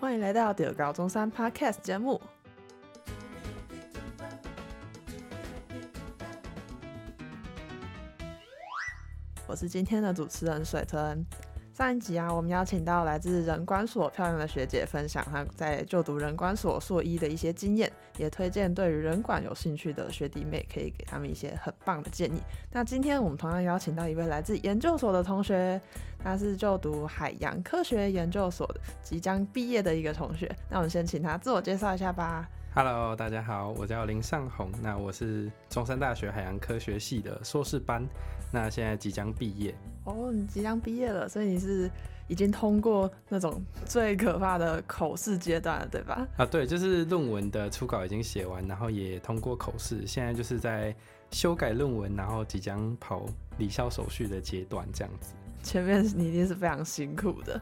歡迎來到《中猴中山》Podcast 節目。我是今天的主持人水豚，上一集啊，我們邀請到來自人管所漂亮的學姐，分享她在就讀人管所碩一的一些經驗。也推薦對於人管有興趣的學弟妹，可以給他們一些很棒的建議。那今天我們同樣邀請到一位來自研究所的同學，他是就讀海洋科學研究所即將畢業的一個同學。那我們先請他自我介紹一下吧。Hello，大家好，我叫林尚紅。那我是中山大學海洋科學系的碩士班，那現在即將畢業。哦，oh, 你即將畢業了，所以你是？已經通過那種最可怕的口試階段了，對吧？啊，對，就是論文的初稿已經寫完，然後也通過口試，現在就是在修改論文，然後即將跑離校手續的階段，這樣子。前面你一定是非常辛苦的。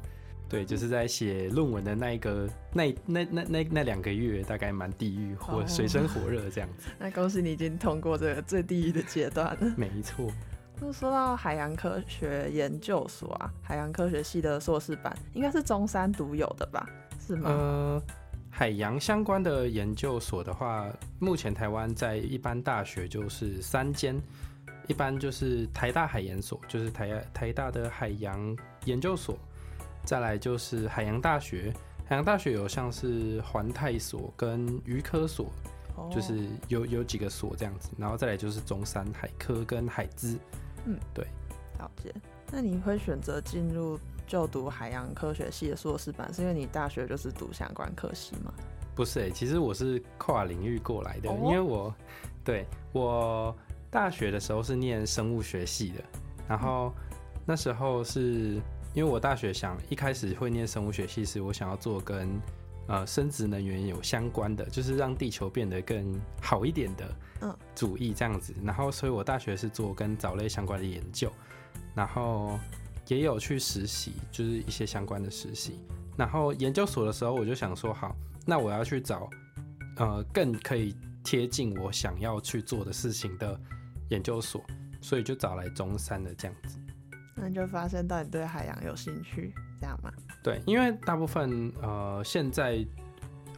對，就是在寫論文的那一個、那、那、那、那、那、那兩個月，大概蠻地獄或水深火熱這樣子。哦、 那恭喜你已經通過這個最地獄的階段了。沒錯。就說到海洋科學研究所啊，海洋科學系的碩士班應該是中山獨有的吧？是嗎？呃，海洋相關的研究所的話，目前台灣在一般大學就是三間，一般就是台大海研所，就是台台大的海洋研究所，再來就是海洋大學。海洋大學有像是環太所跟漁科所，哦，就是有有幾個所這樣子，然後再來就是中山海科跟海資。嗯，對，了解。那你會選擇進入就讀海洋科學系的碩士班，是因為你大學就是讀相關科系嗎？不是，欸、其實我是跨領域過來的，哦，因為我對我大學的時候是念生物學系的，然後那時候是因為我大學想一開始會念生物學系時，我想要做跟呃，生質能源有相關的，就是讓地球變得更好一點的，嗯，主義這樣子。嗯、然後，所以我大學是做跟藻類相關的研究，然後也有去實習，就是一些相關的實習。然後研究所的時候，我就想說，好，那我要去找呃更可以貼近我想要去做的事情的研究所，所以就找來中山的這樣子。那就發現，到底對海洋有興趣。這樣嗎？對，因為大部分呃，現在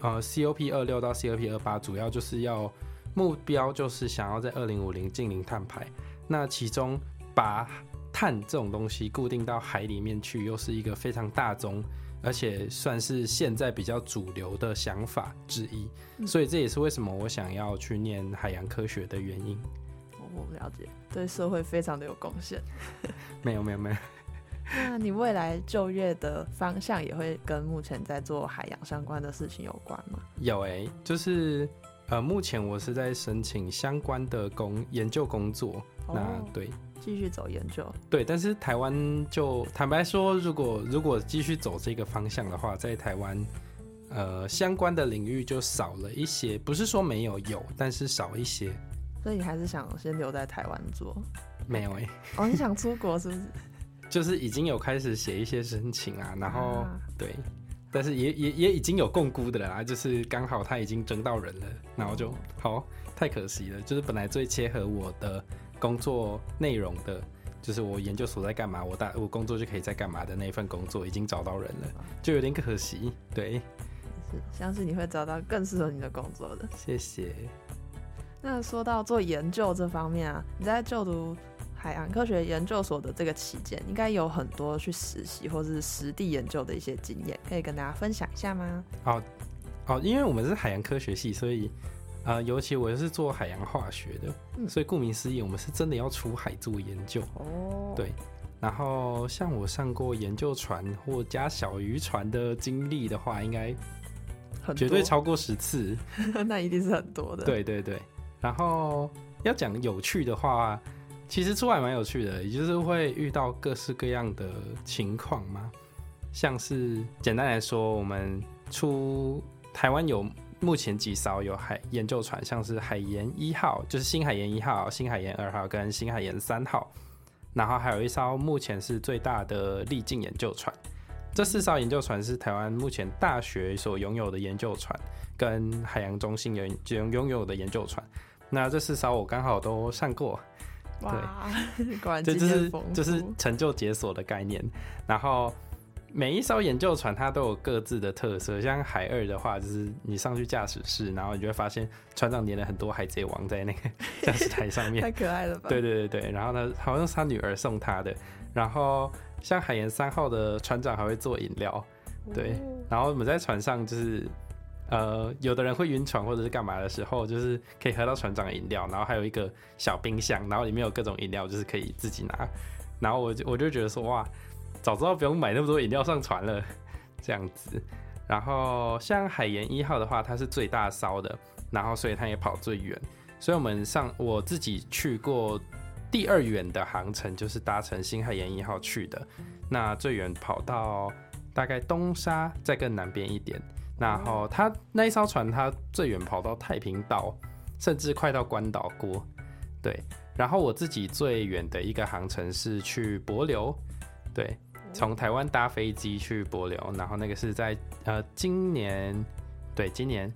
呃，COP 二六到 COP 二八主要就是要目標，就是想要在二零五零淨零碳排。那其中把碳這種東西固定到海裡面去，又是一個非常大宗，而且算是現在比較主流的想法之一。嗯、所以這也是為什麼我想要去念海洋科學的原因。哦、我不了解，對社會非常的有貢獻。 沒有，沒有，沒有。那你未來就業的方向也會跟目前在做海洋相關的事情有關嗎？有哎、欸，就是，呃，目前我是在申請相關的工研究工作。哦、那對，繼續走研究。對，但是台灣就，坦白說，如果如果繼續走這個方向的話，在台灣，呃，相關的領域就少了一些。不是說沒有，有，但是少一些。所以你還是想先留在台灣做？沒有哎、欸。哦，你想出國是不是？ 就是已經有開始寫一些申請啊，然後對，啊、但是也也也已經有摃龜的啦，就是剛好他已經徵到人了，然後就好、哦、太可惜了，就是本來最切合我的工作內容的，就是我研究所在幹嘛，我大我工作就可以在幹嘛的那一份工作已經找到人了，就有點可惜，對，是相信你會找到更適合你的工作的，謝謝。那說到做研究這方面啊，你在就讀。海洋科學研究所的這個期間，應該有很多去實習或是實地研究的一些經驗，可以跟大家分享一下嗎？哦哦，因為我們是海洋科學系，所以，呃，尤其我是做海洋化學的，所以顧名思義，我們是真的要出海做研究。哦、嗯，對。然後，像我上過研究船或加小漁船的經歷的話，應該絕對超過十次，很多 那一定是很多的。對對對。然後要講有趣的話。其實出海蠻有趣的，也就是會遇到各式各樣的情況嘛。像是簡單來說，我們出台灣有目前幾艘有海研究船，像是海研一號，就是新海研一號、新海研二號跟新海研三號，然後還有一艘目前是最大的勵進研究船。這四艘研究船是台灣目前大學所擁有的研究船，跟海洋中心擁擁擁有的研究船。那這四艘我剛好都上過。哇，這對就，就是、就是成就解鎖的概念。然後每一艘研究船它都有各自的特色，像海二的話，就是你上去駕駛室，然後你就會發現船長粘了很多海賊王在那個駕駛台上面， 太可愛了吧？對對對對，然後呢好像是他女兒送他的。然後像海研三號的船長還會做飲料，對。然後我們在船上就是。呃，有的人會暈船或者是幹嘛的時候，就是可以喝到船長的飲料，然後還有一個小冰箱，然後裡面有各種飲料，就是可以自己拿。然後我就我就覺得說，哇，早知道不用買那麼多飲料上船了，這樣子。然後像海研一號的話，它是最大艘的，然後所以它也跑最遠。所以我們上我自己去過第二遠的航程，就是搭乘新海研一號去的。那最遠跑到大概東沙，再更南邊一點。然後他那一艘船，他最遠跑到太平島，甚至快到關島國。對，然後我自己最遠的一個航程是去帛琉，對，從台灣搭飛機去帛琉，然後那個是在呃今年，對，今年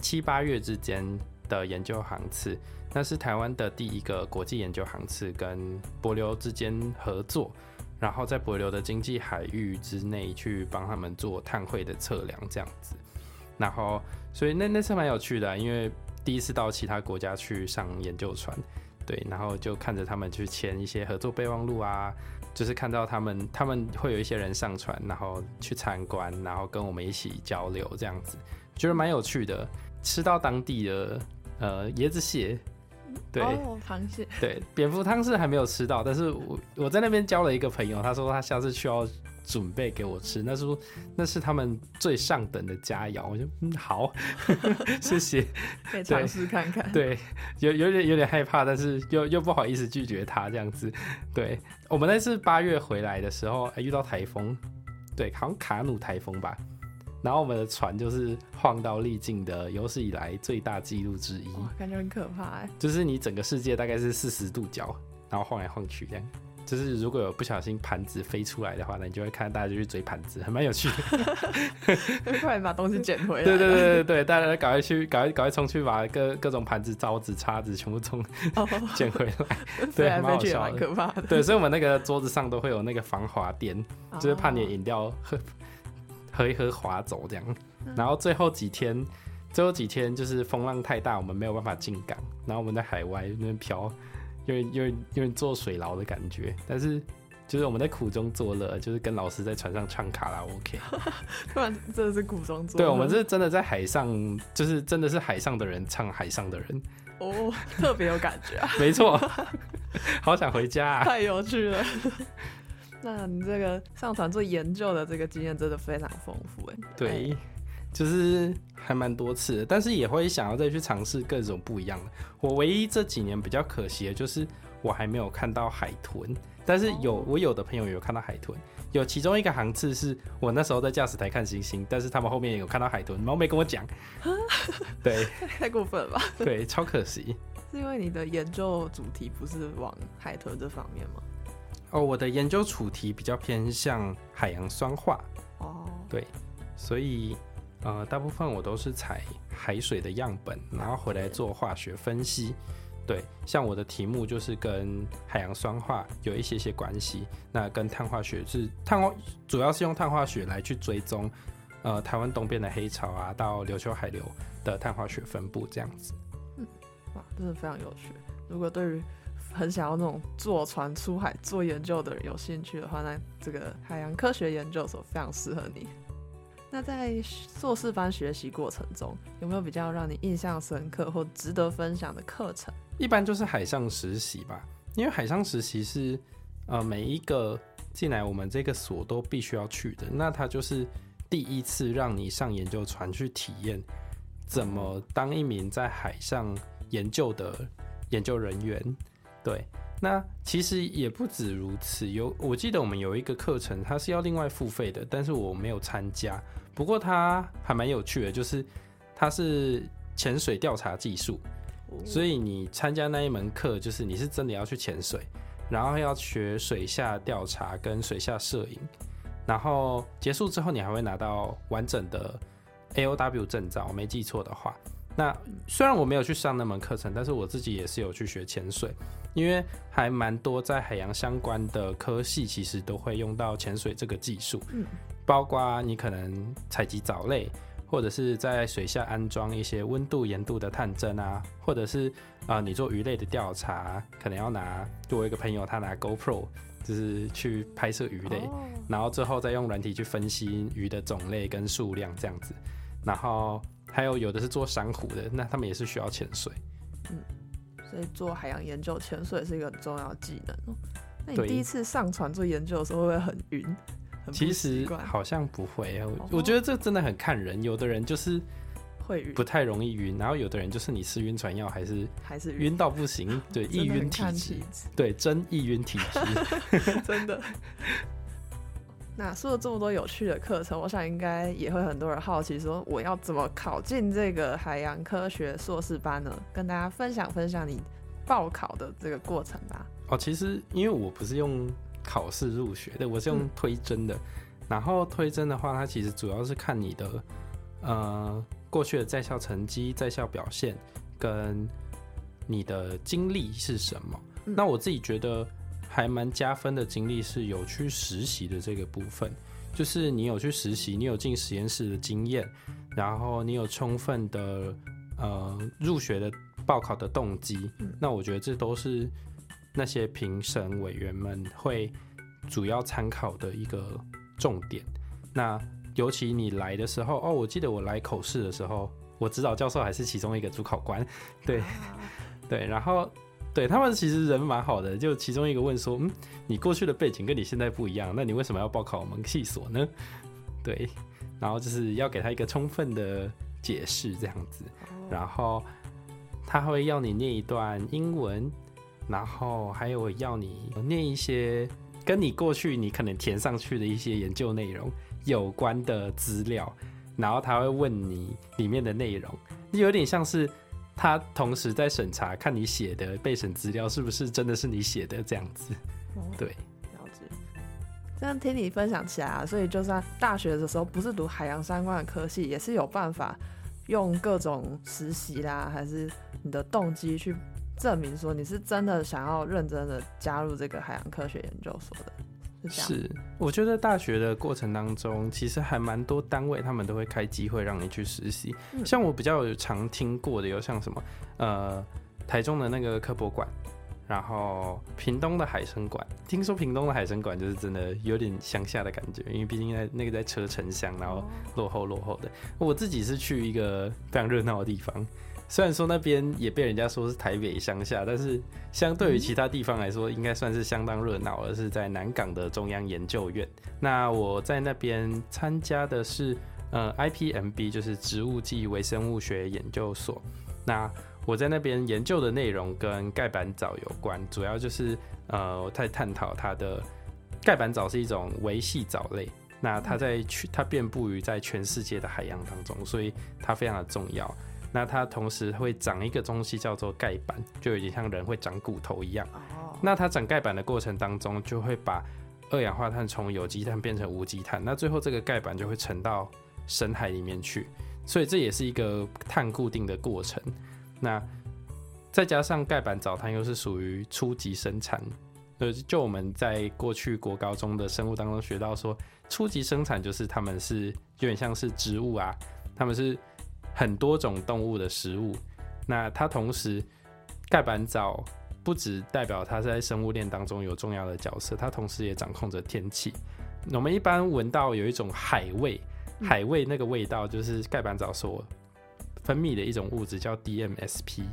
七八月之間的研究航次，那是台灣的第一個國際研究航次，跟帛琉之間合作，然後在帛琉的經濟海域之內去幫他們做碳匯的測量，這樣子。然後，所以那那次蠻有趣的啊，因為第一次到其他國家去上研究船，對，然後就看着他們去簽一些合作備忘錄啊，就是看到他們他們會有一些人上船，然後去參觀，然後跟我們一起交流，這樣子覺得蠻有趣的。吃到當地的呃椰子蟹，對，螃蟹，哦，對，蝙蝠湯是還沒有吃到，但是我我在那邊交了一個朋友，他說他下次去要。準備給我吃，那是那是他們最上等的佳餚。我就嗯好呵呵，謝謝，嘗試 看看對。對，有有點有點害怕，但是又又不好意思拒絕他這樣子。對，我們那次八月回來的時候，欸，遇到台風，對，好像卡努台風吧。然後我們的船就是晃到歷盡的有史以來最大紀錄之一，感覺很可怕。就是你整個世界大概是四十度角，然後晃來晃去這樣。就是如果有不小心盤子飛出來的話，那你就會看到大家就去追盤子，還蠻有趣的。快點把東西撿回來。對對對對對，大家趕快去，趕快趕快衝去把各各種盤子、刀子、叉子，叉子全部衝撿回來。Oh. 對，還蠻好笑的。的對，所以我們那個桌子上都會有那個防滑墊，oh. 就是怕你飲料喝喝一喝滑走這樣。然後最後幾天，最後幾天就是風浪太大，我們沒有辦法進港，然後我們在海外那邊漂。因為因為因為坐水牢的感覺，但是就是我們在苦中作樂，就是跟老師在船上唱卡拉 OK， 突然真的是苦中作樂。對，我們是真的在海上，就是真的是海上的人唱海上的人，哦，特別有感覺啊。 沒錯，好想回家啊， 太有趣了。 那你這個上船做研究的這個經驗真的非常豐富哎。對。就是還蠻多次的，但是也會想要再去嘗試各種不一樣的。我唯一這幾年比較可惜的就是我還沒有看到海豚，但是有我有的朋友有看到海豚，有其中一個航次是我那時候在駕駛台看星星，但是他們後面也有看到海豚，然後沒跟我講。 對，太過分了吧，對，超可惜。是因為你的研究主題不是往海豚這方面嗎？哦，我的研究主題比較偏向海洋酸化。哦，oh. 對，所以。呃，大部分我都是採海水的樣本，然後回來做化學分析。對，像我的題目就是跟海洋酸化有一些些關係。那跟碳化學是碳，主要是用碳化學來去追蹤，呃，臺灣東邊的黑潮啊，到琉球海流的碳化學分布這樣子。嗯，哇，真的非常有趣。如果對於很想要那種坐船出海做研究的人有興趣的話，呢，這個海洋科學研究所非常適合你。那在碩士班學習過程中，有沒有比較讓你印象深刻或值得分享的課程？一般就是海上實習吧，因為海上實習是呃每一個進來我們這個所都必須要去的。那它就是第一次讓你上研究船去體驗，怎麼當一名在海上研究的研究人員。對。那其實也不止如此，有我記得我們有一個課程，它是要另外付費的，但是我沒有參加。不過它還蠻有趣的，就是它是潛水調查技術，所以你參加那一門課，就是你是真的要去潛水，然後要學水下調查跟水下攝影，然後結束之後你還會拿到完整的 AOW 證照，我沒記錯的話。那雖然我沒有去上那門課程，但是我自己也是有去學潛水。因為還蠻多在海洋相關的科系，其實都會用到潛水這個技術。嗯，包括你可能採集藻類，或者是在水下安裝一些溫度、鹽度的探針啊，或者是啊、呃，你做魚類的調查，可能要拿。我一個朋友，他拿 GoPro 就是去拍攝魚類，哦、然後最後再用軟體去分析魚的種類跟數量這樣子。然後還有有的是做珊瑚的，那他們也是需要潛水。嗯。所以做海洋研究，潛水是一個很重要的技能。那你第一次上船做研究的時候，會不會很暈？其實好像不會、啊。哦、我覺得這真的很看人，有的人就是會不太容易暈，暈然後有的人就是你吃暈船藥還是還是暈到不行。對，易暈 體質。對，真易暈體質。 真的。那說了這麼多有趣的課程，我想應該也會很多人好奇，說我要怎麼考進這個海洋科學碩士班呢？跟大家分享分享你報考的這個過程吧。哦，其實因為我不是用考試入學的，我是用推甄的。嗯、然後推甄的話，它其實主要是看你的呃過去的在校成績、在校表現，跟你的經歷是什麼。嗯、那我自己覺得。還蠻加分的經歷是有去實習的這個部分，就是你有去實習，你有進實驗室的經驗，然後你有充分的呃入學的報考的動機，那我覺得這都是那些評審委員們會主要參考的一個重點。那尤其你來的時候，哦，我記得我來口試的時候，我指導教授還是其中一個主考官，對 對，然後。對，他們其實人蠻好的，就其中一個問說：“嗯，你過去的背景跟你現在不一樣，那你為什麼要報考我們系所呢？”對，然後就是要給他一個充分的解釋這樣子，然後他會要你念一段英文，然後還有要你念一些跟你過去你可能填上去的一些研究內容有關的資料，然後他會問你裡面的內容，有點像是。他同時在審查，看你寫的備審資料是不是真的是你寫的，這樣子。哦、對，了解，這樣聽你分享起來啊，所以就算大學的時候不是讀海洋相關的科系，也是有辦法用各種實習啦，還是你的動機去證明說你是真的想要認真的加入這個海洋科學研究所的。是,是，我覺得大學的過程當中，其實還蠻多單位，他們都會開機會讓你去實習。嗯、像我比較常聽過的，有像什麼，呃，台中的那個科博館，然後屏東的海生館。聽說屏東的海生館就是真的有點鄉下的感覺，因為畢竟在那個在車城鄉，然後落後落後的。我自己是去一個非常熱鬧的地方。雖然說那邊也被人家說是台北鄉下，但是相對於其他地方來說，應該算是相當熱鬧。而是在南港的中央研究院，那我在那邊參加的是呃 IPMB，就是植物暨微生物學研究所。那我在那邊研究的內容跟鈣板藻有關，主要就是呃，我在探討它的鈣板藻是一種微細藻類。那它在它遍布於在全世界的海洋當中，所以它非常的重要。那它同時會長一個東西叫做鈣板，就有點像人會長骨頭一樣。Oh. 那它長鈣板的過程當中，就會把二氧化碳從有機碳變成無機碳。那最後這個鈣板就會沉到深海裡面去，所以這也是一個碳固定的過程。那再加上鈣板藻又是屬於初級生產，就我們在過去國高中的生物當中學到說，初級生產就是它們是有點像是植物啊，它們是。很多種動物的食物。那它同時，蓋板藻不只代表它在生物鏈當中有重要的角色，它同時也掌控着天氣。我們一般聞到有一種海味，海味那個味道就是蓋板藻所分泌的一種物質叫 DMSP。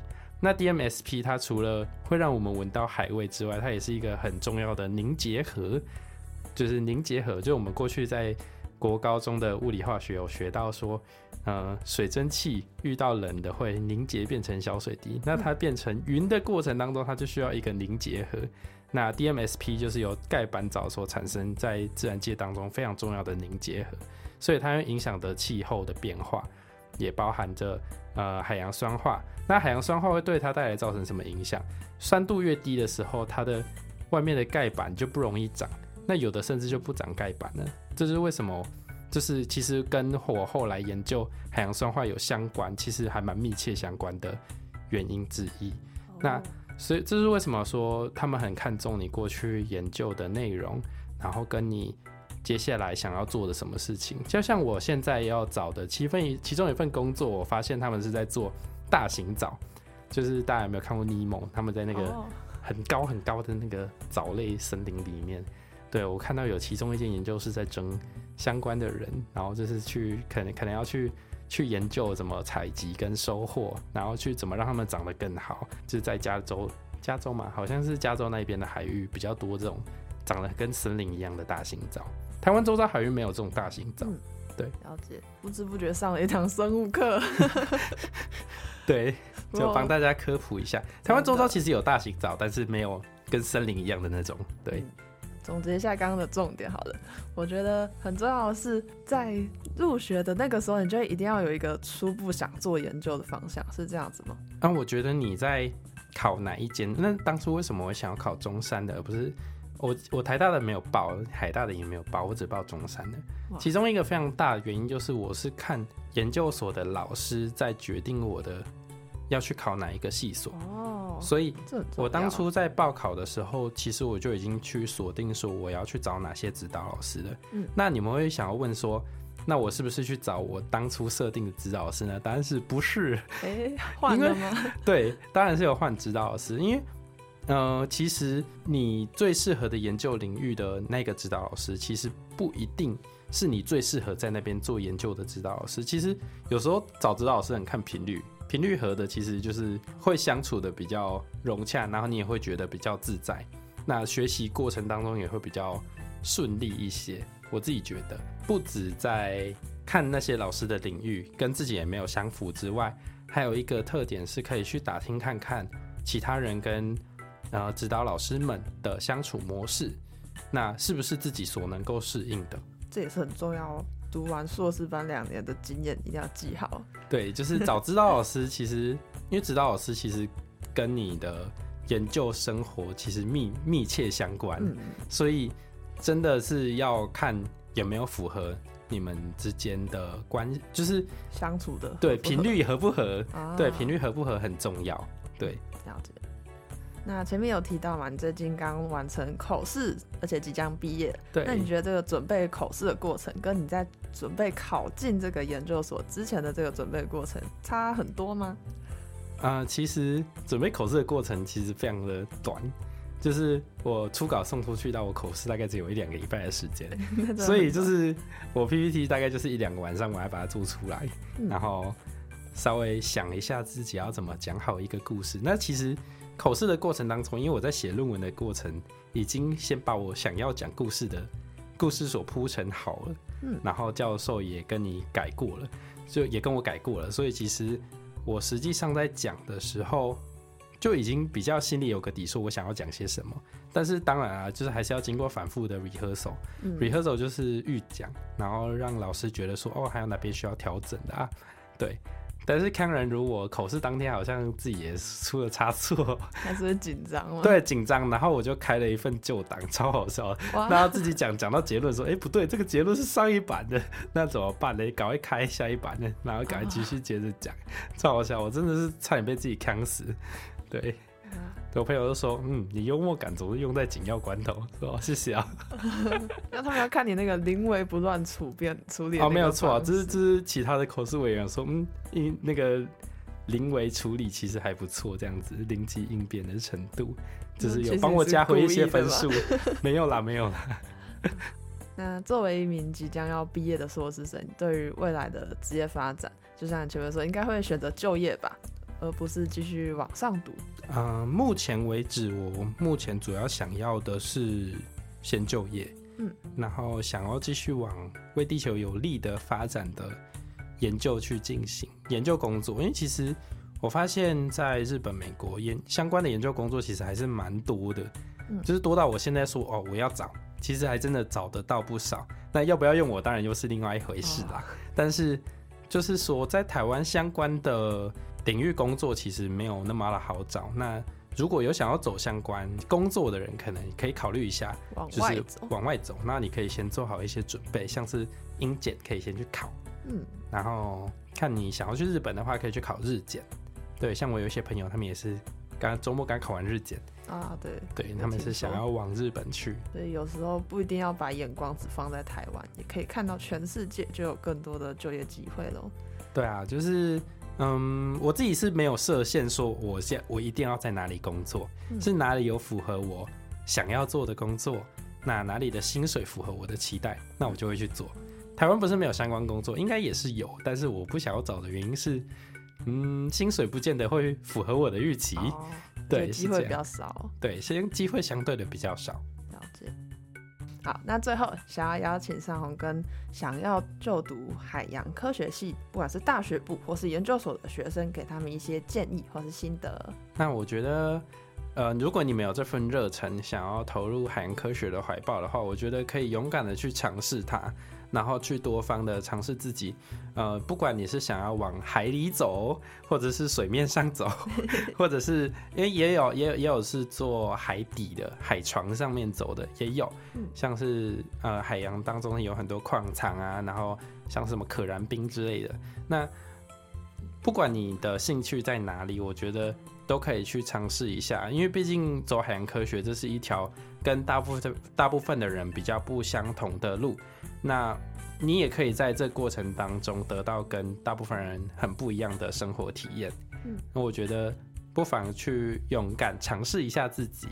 那 DMSP 它除了會讓我們聞到海味之外，它也是一個很重要的凝結核，就是凝結核，就我們過去在。國高中的物理化學有學到說，呃，水蒸氣遇到冷的會凝結變成小水滴，那它變成雲的過程當中，它就需要一個凝結核。那 DMSP 就是由鈣板藻所產生，在自然界當中非常重要的凝結核，所以它會影響的氣候的變化，也包含着呃海洋酸化。那海洋酸化會對它帶來造成什麼影響？酸度越低的時候，它的外面的鈣板就不容易長，那有的甚至就不長鈣板了。這是為什麼？就是其實跟我後來研究海洋酸化有相關，其實還蠻密切相關的原因之一。Oh. 那所以這是為什麼說他們很看重你過去研究的內容，然後跟你接下來想要做的什麼事情？就像我現在要找的七份，其中一份工作，我發現他們是在做大型藻，就是大家有沒有看過 Nemo？他們在那個很高很高的那個藻類森林裡面。對，我看到有其中一間研究室在徵相關的人，然後就是去，可能可能要去去研究怎麼採集跟收穫，然後去怎麼讓他們長得更好。就是在加州，加州嘛，好像是加州那邊的海域比較多這種長得跟森林一樣的大型藻。台灣周遭海域沒有這種大型藻，嗯、對，了解。不知不覺上了一堂生物課， 對，就幫大家科普一下。我台灣周遭其實有大型藻，的但是沒有跟森林一樣的那種，對。嗯總結一下剛剛的重點好了，我覺得很重要的是在入學的那個時候，你就一定要有一個初步想做研究的方向，是這樣子嗎？那、啊、我覺得你在考哪一間？那當初為什麼我想要考中山的，而不是我我台大的沒有報，海大的也沒有報，我只報中山的。哇塞。其中一個非常大的原因就是，我是看研究所的老師在決定我的要去考哪一個系所。哦所以，我當初在報考的時候，其實我就已經去鎖定說我要去找哪些指導老師了。嗯，那你們會想要問說，那我是不是去找我當初設定的指導老師呢？答案是不是？哎，換了嗎？對，當然是有換指導老師，因為呃，其實你最適合的研究領域的那個指導老師，其實不一定是你最適合在那邊做研究的指導老師。其實有時候找指導老師很看頻率。頻率合的其實就是會相處得比較融洽，然後你也會覺得比較自在。那學習過程當中也會比較順利一些。我自己覺得，不止在看那些老師的領域跟自己也沒有相符之外，還有一個特點是可以去打聽看看其他人跟呃指導老師們的相處模式，那是不是自己所能夠適應的？這也是很重要哦。讀完碩士班兩年的經驗一定要記好。對，就是找指導老師，其實 因為指導老師其實跟你的研究生活其實密密切相關，嗯、所以真的是要看有沒有符合你們之間的關，就是相處的合不合，對，頻率合不合，啊、對，頻率合不合很重要。對，了解。那前面有提到嘛，你最近剛完成口試，而且即將畢業。對。那你覺得這個準備口試的過程，跟你在準備考進這個研究所之前的這個準備過程，差很多嗎？啊、呃，其實準備口試的過程其實非常的短，就是我初稿送出去到我口試，大概只有一兩個禮拜的時間。 所以就是我 PPT 大概就是一兩個晚上，我要把它做出來，嗯、然後稍微想一下自己要怎麼講好一個故事。那其實。口試的過程當中，因為我在寫論文的過程，已經先把我想要講故事的故事所鋪陳好了，嗯，然後教授也跟你改過了，就也跟我改過了，所以其實我實際上在講的時候，嗯、就已經比較心裡有個底，說我想要講些什麼。但是當然啊，就是還是要經過反覆的 rehearsal，rehearsal、嗯、就是預講，然後讓老師覺得說，哦，還有哪邊需要調整的啊？對。但是，坑人如我，口試當天好像自己也出了差錯，還是緊張嗎？對，緊張。然後我就開了一份舊檔，超好笑。那他哇自己講講到結論說：“哎、欸，不對，這個結論是上一版的，那怎麼辦呢？你趕快開下一版的？然後趕快繼續接着講。哦”超好笑，我真的是差點被自己坑死。對。有朋友就說：“嗯，你幽默感總是用在緊要關頭，是吧？”謝謝啊。那他們要看你那個臨危不亂、處變處理。啊、哦，沒有錯、啊，這是這是其他的口試委員說，嗯，那個臨危處理其實還不錯，這樣子臨機應變的程度，就是有幫我加回一些分數。 沒有啦，沒有啦。 那作為一名即將要畢業的碩士生，對於未來的職業發展，就像你前面說，應該會選擇就業吧？而不是繼續往上讀。嗯、呃，目前為止，我目前主要想要的是先就業，嗯，然後想要繼續往為地球有利的發展的研究去進行研究工作。因為其實我發現，在日本、美國研相關的研究工作，其實還是蠻多的，嗯、就是多到我現在說哦，我要找，其實還真的找得到不少。那要不要用我，當然又是另外一回事啦。哦、但是就是說，在台灣相關的。領域工作其實沒有那麼的好找。那如果有想要走相關工作的人，可能可以考慮一下，就是往外走。往外走，那你可以先做好一些準備，像是英檢可以先去考，嗯，然後看你想要去日本的話，可以去考日檢。對，像我有一些朋友，他們也是剛周末剛考完日檢啊，對，對，他們是想要往日本去。所以有時候不一定要把眼光只放在台灣，也可以看到全世界，就有更多的就業機會咯。對啊，就是。嗯，我自己是沒有設限，說我現我一定要在哪裡工作，嗯、是哪裡有符合我想要做的工作，那哪裡的薪水符合我的期待，那我就會去做。台灣不是沒有相關工作，應該也是有，但是我不想要找的原因是，嗯，薪水不見得會符合我的預期，哦、對，機會比較少，這對，先機會相對的比較少。嗯好，那最後，想要邀請上紅跟想要就讀海洋科學系，不管是大學部或是研究所的學生，給他們一些建議或是心得。那我覺得，呃，如果你們有這份熱忱，想要投入海洋科學的懷抱的話，我覺得可以勇敢的去嘗試它。然後去多方的嘗試自己，呃，不管你是想要往海裡走，或者是水面上走，或者是因為也有也有也有是做海底的海床上面走的，也有，像是呃海洋當中有很多礦場啊，然後像什麼可燃冰之類的。那不管你的興趣在哪裡，我覺得。都可以去嘗試一下，因為畢竟走海洋科學，這是一條跟大部分大部分的人比較不相同的路。那你也可以在這過程當中得到跟大部分人很不一樣的生活體驗。嗯，我覺得不妨去勇敢嘗試一下自己，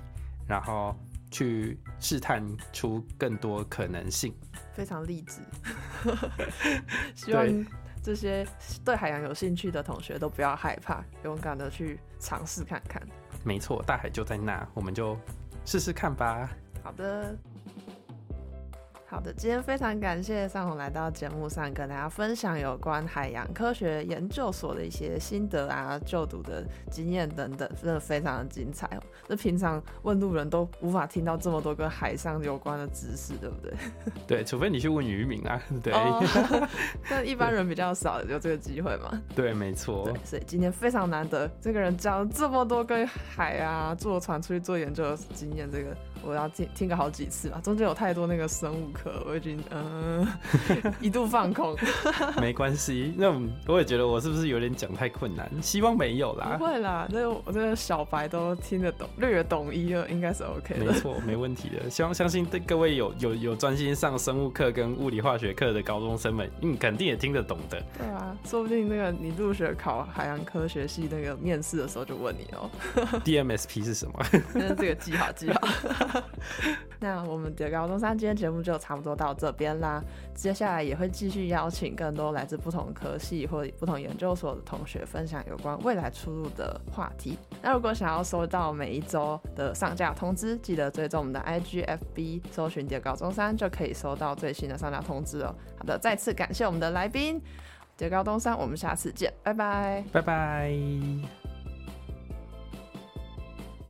然後去試探出更多可能性。非常勵志， 希望你 對。這些對海洋有興趣的同學都不要害怕，勇敢的去嘗試看看。沒錯，大海就在那，我們就試試看吧。好的。好的，今天非常感謝學長來到節目上，跟大家分享有關海洋科學研究所的一些心得啊、就讀的經驗等等，真的非常的精彩哦、喔。那平常問路人都無法聽到這麼多跟海上有關的知識，對不對？對，除非你去問漁民啊。對、哦呵呵。但一般人比較少有這個機會嘛。對，沒錯。對，所以今天非常難得，這個人教了這麼多跟海啊、坐船出去做研究的經驗，這個。我要聽聽個好幾次啊，中間有太多那個生物課，我已經嗯一度放空。 沒關係，那我也覺得我是不是有點講太困難？希望沒有啦。不會啦，那我這個小白都聽得懂，略懂一二，應該是 OK 的。沒錯，沒問題的。希望相信對各位有有有專心上生物課跟物理化學課的高中生們，你、嗯、肯定也聽得懂的。對啊，說不定那個你入學考海洋科學系那個面試的時候就問你哦、喔、，DMSP 是什麼？是這個記好記好。 那我們中猴中山，今天節目就差不多到這邊啦。接下來也會繼續邀請更多來自不同科系或不同研究所的同學，分享有關未來出路的話題。那如果想要收到每一周的上架通知，記得追蹤我們的 IGFB，搜尋「中猴中山」，就可以收到最新的上架通知哦。好的，再次感謝我們的來賓中猴中山，我們下次見，拜拜，拜拜。